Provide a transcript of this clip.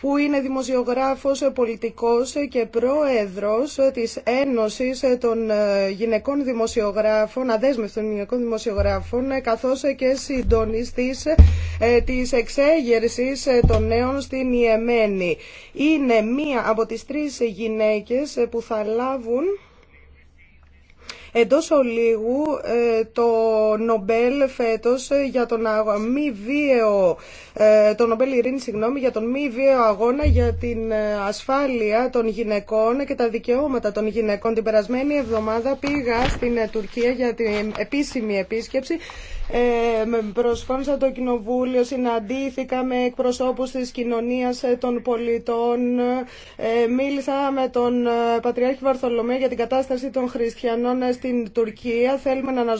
που είναι δημοσιογράφος, πολιτικός και πρόεδρος της Ένωσης των ε, Γυναικών Δημοσιογράφων, αδέσμευτων γυναικών δημοσιογράφων, καθώς και συντονιστής ε, της εξέγερσης ε, των νέων στην Ιεμένη. Είναι μία από τις τρεις γυναίκες που θα λάβουν Εντό ολίγου ε, το Νομπέλ ε, για τον μη ε, το Νομπέλ Ειρήνη, συγγνώμη, για τον μη βίαιο αγώνα για την ασφάλεια των γυναικών και τα δικαιώματα των γυναικών. Την περασμένη εβδομάδα πήγα στην Τουρκία για την επίσημη επίσκεψη ε, προσφώνησα το κοινοβούλιο, συναντήθηκα με εκπροσώπους της κοινωνίας των πολιτών, μίλησα με τον Πατριάρχη Βαρθολομέ για την κατάσταση των χριστιανών στην τουρκία θέλουμε να αναζωογονήσουμε